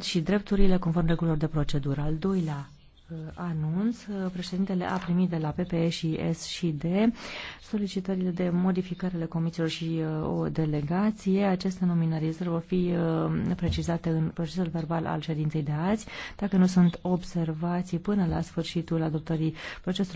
și drepturile conform regulilor de procedură. Al doilea uh, anunț, uh, președintele a primit de la PPE și S și D solicitările de modificare ale comisiilor și uh, o delegație. Aceste nominalizări vor fi precizate în procesul verbal al ședinței de azi. Dacă nu sunt observații până la sfârșitul adoptării procesului,